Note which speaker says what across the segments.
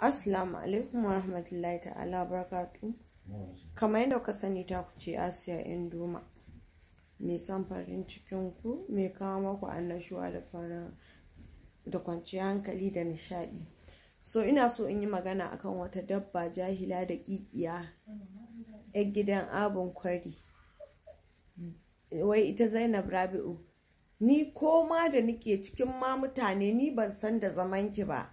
Speaker 1: Assalamu alaikum wa rahmatullahi ta'ala barakatu. Kamar yadda kuka sani ta ku ce Asiya Indoma. Me san farin cikin ku, me kawo maku annashuwa da farin da kwanciyar hankali da nishadi. So ina so in yi magana akan wata dabba jahila da ƙiƙiya. Yar gidan abun kwari. Wai ita Zainab Rabi'u. Ni koma da nike cikin ma mutane ni ban san da zaman ki ba.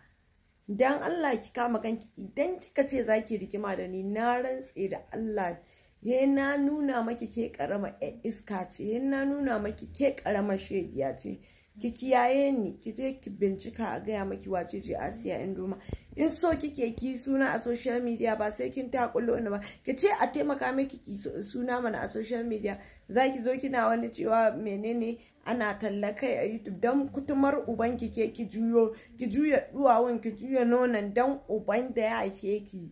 Speaker 1: dan Allah ki kama kanki idan kika ce zaki rigima da ni na rantse da Allah ya na nuna maki ke karama iska ce ya na nuna maki ke karama shegiya ce ki kiyaye ni ki je ki bincika a gaya maki wace ce Asiya Indoma in so kike ki suna a social media ba sai kin ta kullo ni ba ki ce a taimaka miki ki suna mana a social media zaki zo kina wani cewa menene ana tallakai a YouTube dan kutumar uban ki ke ki juyo ki juya duwawun ki juya nonon dan uban da ya ke ki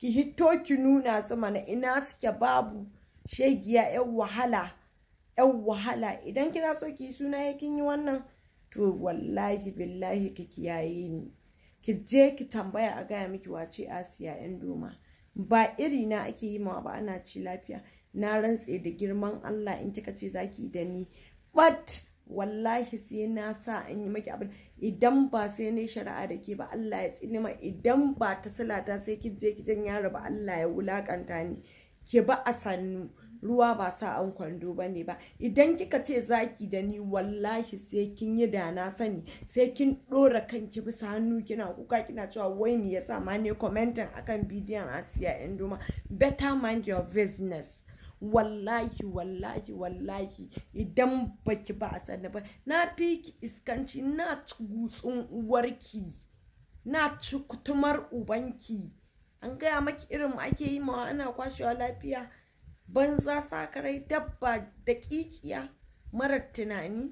Speaker 1: ki hito ki nuna su mana ina suke babu shegiya yan wahala yan wahala idan kina so ki suna ya kin yi wannan to wallahi billahi ki kiyaye ni ki je ki tambaya a gaya miki wace asiya yan doma ba iri na ake yi ma ba ana ci lafiya na rantse da girman allah in kika ce zaki da ni but wallahi sai na sa in yi maki abin idan ba sai ne shari'a da ke ba Allah ya tsini ma idan ba ta salata sai ki je ki jan yaro ba Allah ya wulakanta ni ki ba a sannu ruwa ba sa an kwando ba ne ba idan kika ce zaki da ni wallahi sai kin yi da na sani sai kin ɗora kanki bisa hannu kina kuka kina cewa wai me yasa ma ne commenting akan bidiyon Asiya Endoma better mind your business wallahi wallahi wallahi idan baki ba a sani ba na fi iskanci na gutsun uwarki na cukutumar ubanki an gaya maki irin ake yi ma ana kwashewa lafiya banza sakarai dabba da kikiya marar tunani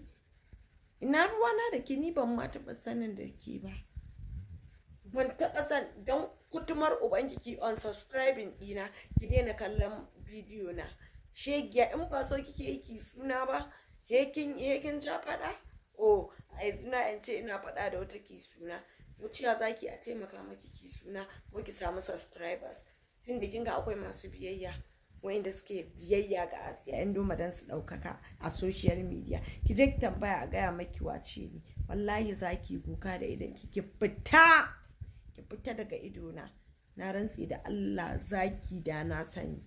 Speaker 1: ina ruwana da ke ni ban ma taɓa sanin da ke ba ban taɓa san don kutumar ubangiji on subscribing dina ki daina kallon bidiyo na shegiya in ba so kike yi ki suna ba hekin hekin ja faɗa oh yanzu na in ce ina faɗa da wata ki suna wuciya za ki a taimaka maki ki suna ko ki samu subscribers tun da kinga akwai masu biyayya wa'inda suke biyayya ga asiya yan doma don su ɗaukaka a social media ki je ki tambaya a gaya maki wace ne wallahi za ki kuka da idan ki ki fita ki fita daga idona na rantse da allah za ki da na sani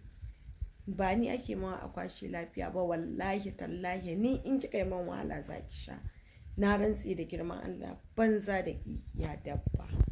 Speaker 1: ba ni ake mawa a kwashe lafiya ba wallahi tallahi ni in kika yi man wahala za ki sha na rantse da girman Allah banza da kikiya dabba